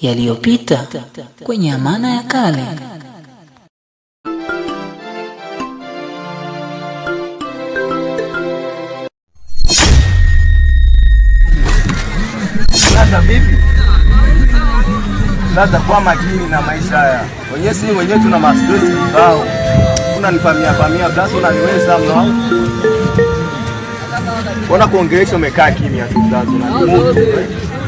yaliyopita kwenye amana ya kale. Sasa vipi? Sasa kwa makini na maisha haya, wenyewe si wenyewe, tuna mastress kibao, unanifamia famia basi, unaniweza mno ona kuongelesha, umekaa kimya tu basi, unanimudu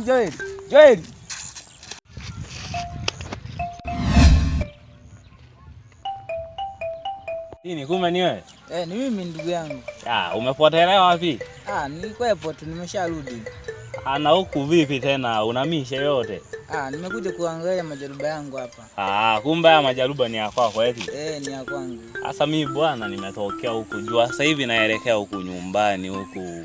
Joel, Joel, Joel. Ni kumbe ni wewe? Eh, ni mimi ndugu yangu. Ah, umepotelea wapi? Ah, nilikuwa tu nimesharudi. Ana ah, huku vipi tena unamisha yote? Ah, nimekuja kuangalia majaruba yangu hapa. Ah, kumbe haya majaruba ni ya kwako eti? Eh? eh, ni ya kwangu. Sasa mimi bwana nimetokea huku jua. Sasa hivi naelekea huku nyumbani huku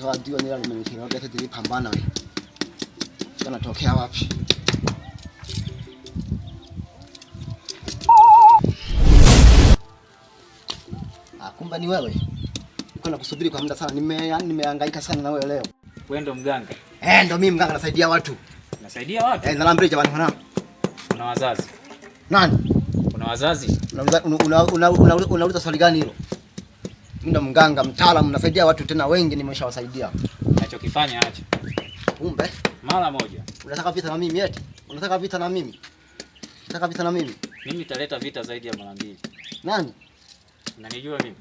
Sasa ndio nila nimenikiona wote hata tulipambana wewe. Anatokea wapi? Ah, kumbe ni wewe. Niko nakusubiri kwa muda sana. Nime nimehangaika sana na wewe leo. Wewe ndo mganga? Eh, ndo mimi mganga nasaidia watu. Nasaidia watu? Eh, naambia jamani mwanangu. Una wazazi? Nani? Una wazazi? Unauliza swali gani hilo? Mimi ndo mganga mtaalamu, nasaidia watu tena wengi, nimeshawasaidia. Unachokifanya acha. Kumbe mara moja. Unataka vita na mimi eti? Unataka vita na mimi? Unataka vita na mimi? Mimi nitaleta vita zaidi ya mara mbili. Nani? Unanijua mimi?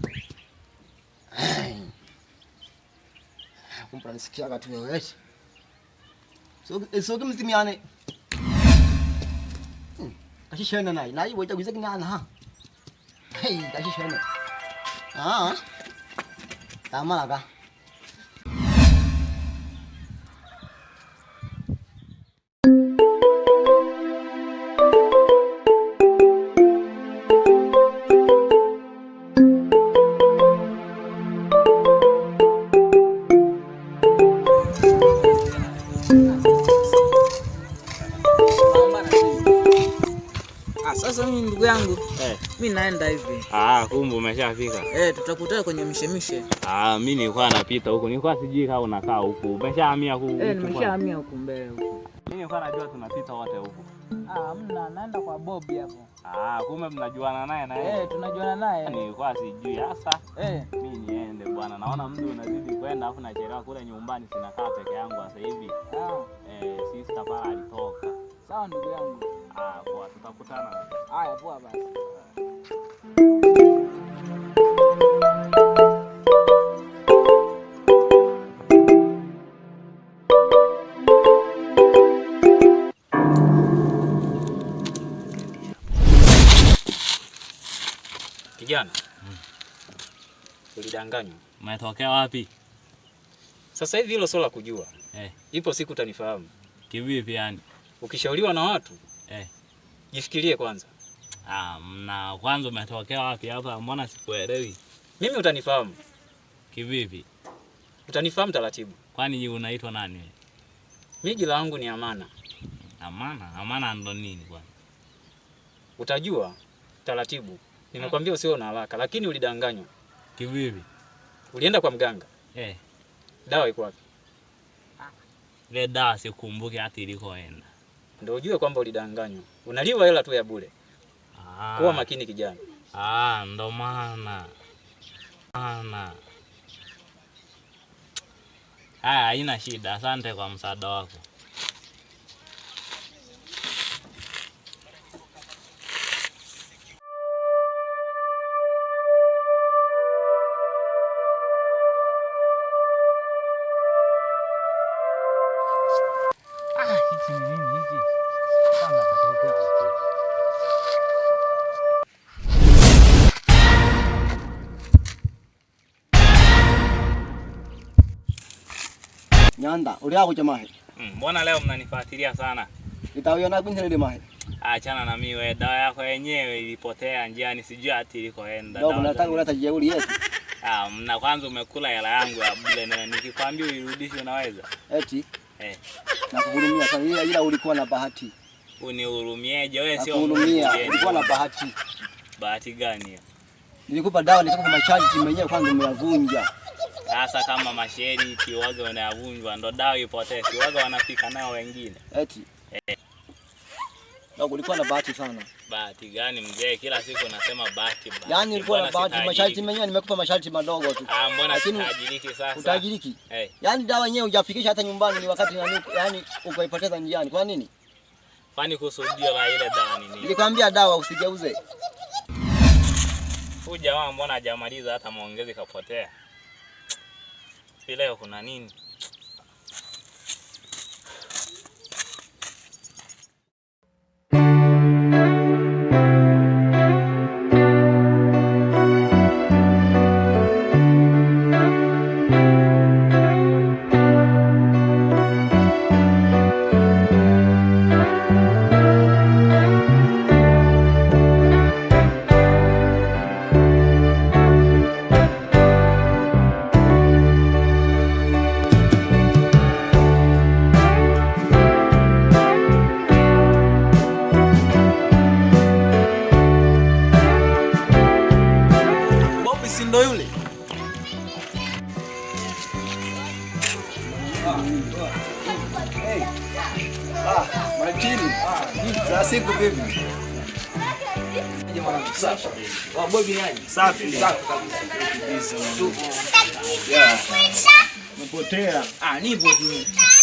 Kumbe nisikiaga tu wewe eti. So so kama zimiane. Hmm. Kashi nai, nai wewe kuzaga kinana ha. Hey, kashishana. 啊，咋么了哥？naenda hivi. Ah, kumbe umeshafika. Eh, tutakutana kwenye mishemishe. Ah, mimi nilikuwa napita huko. Nilikuwa sijui kama unakaa huko. Umeshahamia huko. Eh, nimeshahamia huko mbele huko. Mimi nilikuwa najua tunapita wote huko. Ah, mna naenda kwa Bobby hapo. Ah, kumbe mnajuana naye na yeye. Eh, tunajuana naye. Ah, nilikuwa sijui hasa. Eh, mimi niende bwana. Naona mtu unazidi kwenda afu nachelewa kule nyumbani sina kaa peke yangu sasa hivi. Ah. Eh, sister pala alitoka. Sawa ndugu yangu. Ah, poa tutakutana. Haya, poa basi. Kijana, ulidanganywa. Hmm. Umetokea wapi? Sasa hivi hilo sio la kujua. Eh. Ipo siku utanifahamu. Kivipi yani? Ukishauriwa na watu, eh, jifikirie kwanza. Ah, na kwanza umetokea wapi hapa? Mbona sikuelewi? Mimi utanifahamu. Kivipi? Utanifahamu taratibu. Kwani unaitwa nani? Mimi jina langu ni Amana. Amana, Amana ndo nini kwani? Utajua taratibu. Nimekwambia usiwe na haraka, lakini ulidanganywa. Kivipi? Ulienda kwa mganga eh? Dawa iko wapi? Ah. Ile dawa sikumbuki hata ilikoenda. Ndio ujue kwamba ulidanganywa, unaliwa hela tu ya bure. Ah. Kuwa makini kijana. Ah, ndo maana maana. Haya, haina shida. Asante kwa msaada wako. Nyanda, uliakucha mahe. Mm, mbona mm, leo mnanifuatilia sana? Nitawiona kunjelele mahe. Achana na mimi wewe, dawa yako yenyewe ilipotea njiani, sijui hata ilikoenda. Ndio nataka uleta jeuri yetu. Ah, mna kwanza umekula hela yangu ya bure na nikikwambia uirudishe unaweza? Eti? Eh. Nakuhurumia sana ila, ila ulikuwa na bahati. Unihurumieje wewe sio? Nakuhurumia. Ulikuwa na bahati. Bahati gani hiyo? Nilikupa dawa nikakupa masharti mwenyewe kwanza umeyavunja. Sasa kama mashariki kiwaga wanayavunjwa ndo dawa ipotee, kiwaga wanafika nao wengine eti eh. Na kulikuwa na bahati sana. Bahati gani mzee? Kila siku unasema bahati bahati. Yaani ilikuwa na bahati, masharti mwenyewe nimekupa masharti madogo tu. Ah, mbona lakini utajiriki sasa? Utajiriki. Eh. Yaani dawa yenyewe hujafikisha hata nyumbani ni wakati nani? yaani ukaipoteza njiani. Kwa nini? Kwani kusudia la ile dawa nini? Nilikwambia dawa usigeuze. Huyu jamaa mbona hajamaliza hata maongezi kapotea? Sielewi kuna nini. za siku vipi? Safi kabisa. Umepotea. Ah, nipo tu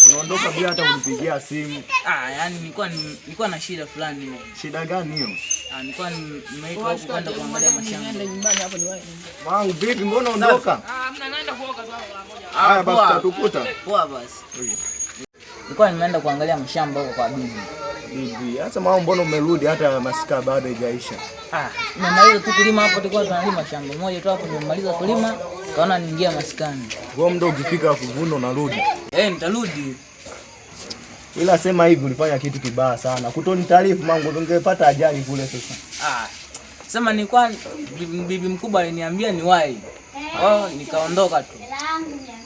unaondoka bila hata kunipigia simu. Ah, yani nilikuwa nilikuwa na shida fulani. Shida gani hiyo? Ah, nilikuwa nimeitwa huko kwenda kuangalia mashamba. Nenda nyumbani hapo ni wapi? Wangu vipi, mbona unaondoka? Ah, mna naenda kuoga tu hapo moja. Ah, basi tutakukuta. Poa basi. Nilikuwa nimeenda kuangalia mashamba huko kwa bibi bibi, hata mama, mbona umerudi? Hata masika bado haijaisha. Ah, mama, hiyo tu kulima hapo, tulikuwa tunalima shamba moja tu hapo, nimemaliza kulima, kaona niingia maskani. Wewe mdo, ukifika kuvuna unarudi? Eh, nitarudi. Ila sema hivi, ulifanya kitu kibaya sana kutonitaarifu mangu, ungepata ajali kule. Sasa ah, sema kwa bibi mkubwa aliniambia niwahi, oh, nikaondoka tu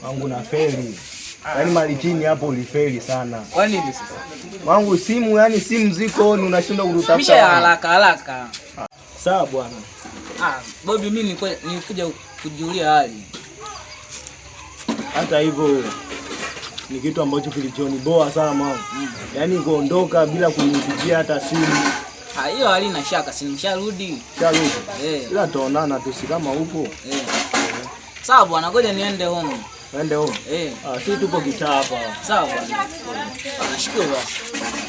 mangu na feli Yaani mali chini hapo ulifeli sana. Kwa nini sasa? Wangu simu yani simu ziko ni unashinda kutafuta. Misha haraka haraka. Sawa bwana. Ah, Bobby mimi nilikuja kujulia hali. Hata hivyo ni kitu ambacho kilichoniboa sana mwangu. Mm. Yaani kuondoka bila kunipigia hata simu. Ah, hiyo halina shaka, si nimesharudi. Sharudi. Eh. Ila tuonana tu si kama upo. Eh. Sawa bwana, ngoja niende home. Ende huko. Eh. Ah, si tupo kitaa hapa. Sawa. Nashukuru ah,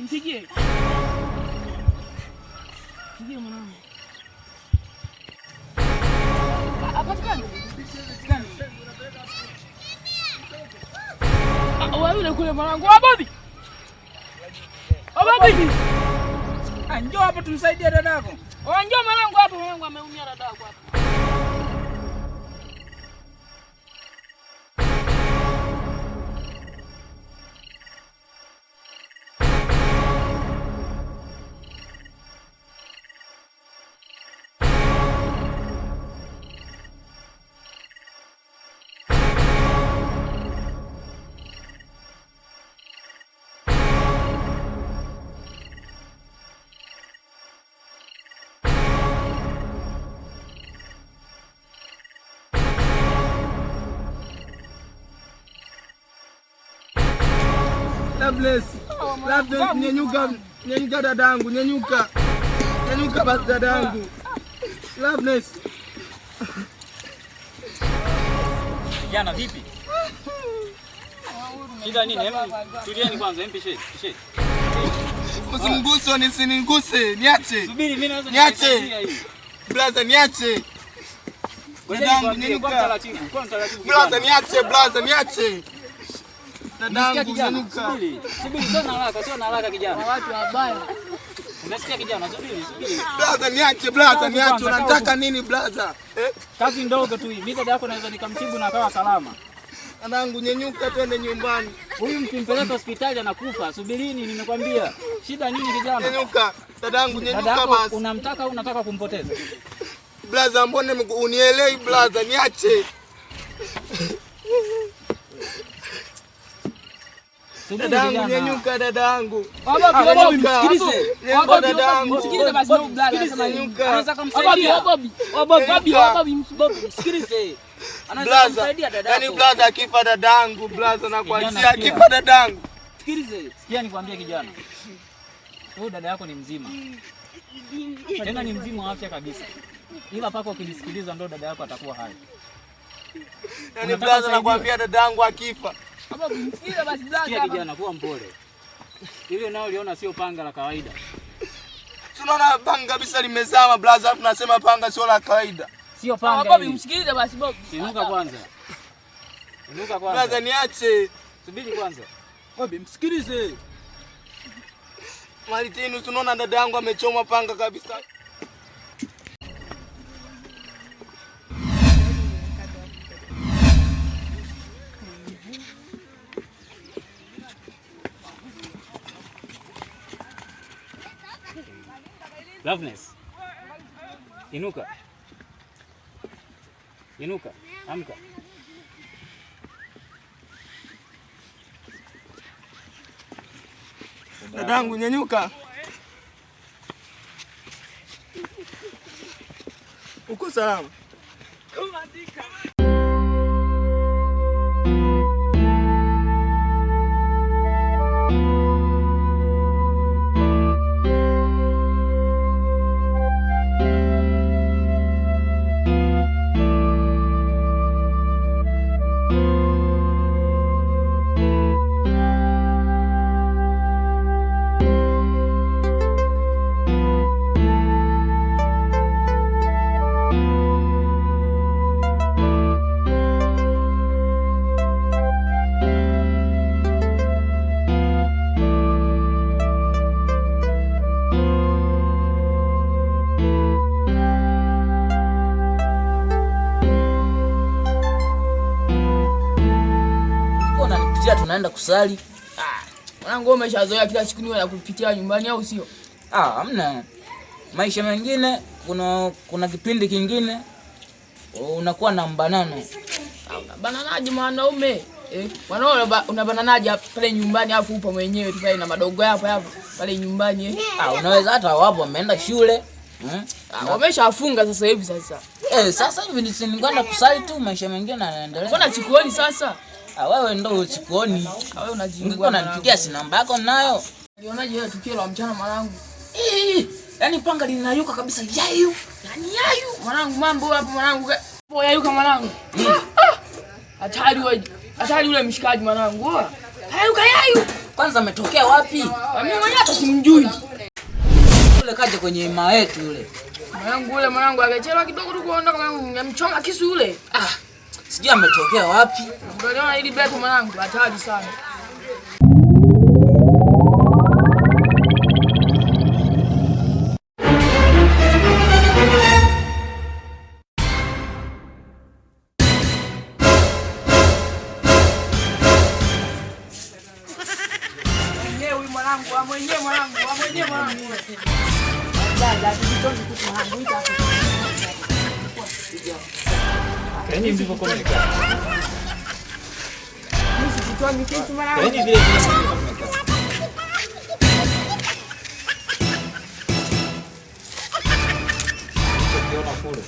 Mpigie. Mpigie ah, ah, mwanangu. Wewe kule mwanangu. Wababi. Wababi. Njoo hapa tumsaidie dadako. Njoo mwanangu hapo, mwanangu ameumia dadako hapa. Loveless. Loveless, oh nyenyuka, nyenyuka dadangu, nyenyuka. Nyenyuka basi dadangu. Loveless. Jana vipi? Shida nini? Tulieni kwanza, mpishe, mpishe. Usimguse, nisiniguse, niache. Subiri mimi naweza niache. Blaza niache. Dadangu nyenyuka. Blaza niache, blaza niache. Unasikia kijana? Subiri. Subiri, sio na haraka, sio na haraka kijana. Watu wabaya. Unasikia kijana? Subiri, subiri. Brother, niache brother, niache. Unataka nini brother? Eh? Kazi ndogo tu hii. Mimi dada yako naweza nikamtibu na akawa salama. Anangu nyenyuka, twende nyumbani. Huyu mkimpeleka hospitali anakufa. Subirini, nimekwambia. Shida nini kijana? Nyenyuka. Dadangu nyenyuka basi. Unamtaka au unataka kumpoteza? Brother, mbona unielewi brother? Niache. Dadangu, nyanyuka dadangu. Yaani blaza akifa dadangu, blaza na akifa dadangu. Sikilize. Sikia nikwambie kijana. Wewe dada yako ni mzima. Tena ni mzima afya kabisa. Ila paka ukinisikiliza ndo dada yako atakuwa hai. Yaani blaza nakwambia dadangu akifa Sikia kijana, kuwa mpole. Ile nao liona sio panga la kawaida. Tunaona panga kabisa limezama blaza, tunasema panga sio la kawaida. Sio panga. Baba msikilize basi Bob. Inuka kwanza. Inuka kwanza. Blaza niache. Subiri kwanza. Bob msikilize. Malitinu, tunaona dada yangu amechoma panga kabisa. Loveness. Inuka. Inuka. Amka. Dadangu nyanyuka. Uko salama? kwenda kusali. Ah, mwanangu wewe umeshazoea kila siku niwe nakupitia nyumbani au sio? Ah, hamna. Maisha mengine kuna kuna kipindi kingine unakuwa na mbanano. Ah, bananaje mwanaume? Eh, mwanao unabananaje pale nyumbani afu upo mwenyewe tu pale na madogo yako hapo pale nyumbani eh? Ah, unaweza hata wapo wameenda shule. Hmm? Ah, wameshafunga sasa hivi sasa. Eh, sasa hivi ni kwenda kusali tu maisha mengine yanaendelea. Mbona sikuoni sasa? Ah, wewe ndo usikuoni. Ah, wewe unajingua unanipigia si namba yako nayo. Unionaje wewe tukio la mchana mwanangu? Eh, yani panga linayuka kabisa yayu. Yani yayu. Mwanangu mambo hapo mwanangu. Po yayuka mwanangu. Hmm. Ah, Hatari wewe. Hatari yule mshikaji mwanangu. Oh. Hayuka yayu. Kwanza ametokea wapi? Mimi mwenyewe hata simjui. Yule kaja kwenye ima yetu yule. Mwanangu yule mwanangu akachelewa kidogo tu kuondoka mwanangu. Amemchoma kisu yule. Ah sijui ametokea wapi. Unaona hili beki mwanangu hatari sana. mwanangu mwanangu mwanangu Yaani mlivyokomunikana. Yaani vile ukiona kule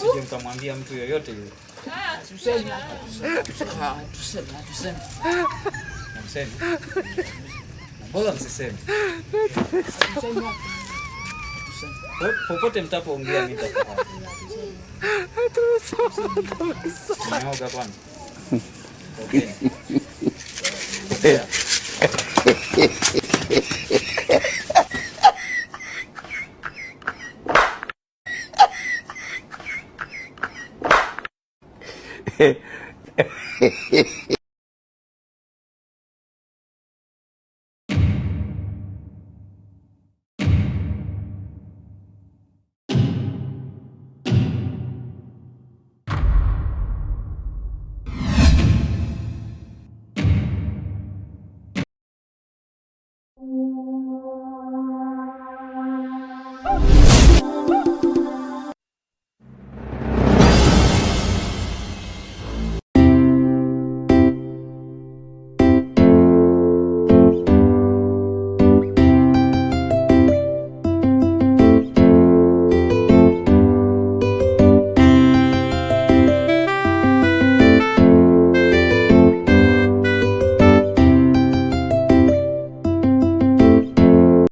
sije mkamwambia mtu yoyote yule. Tuseme, tuseme, tuseme. Mseme. Mbona msiseme? Mseme. Popote mtapoongea mimi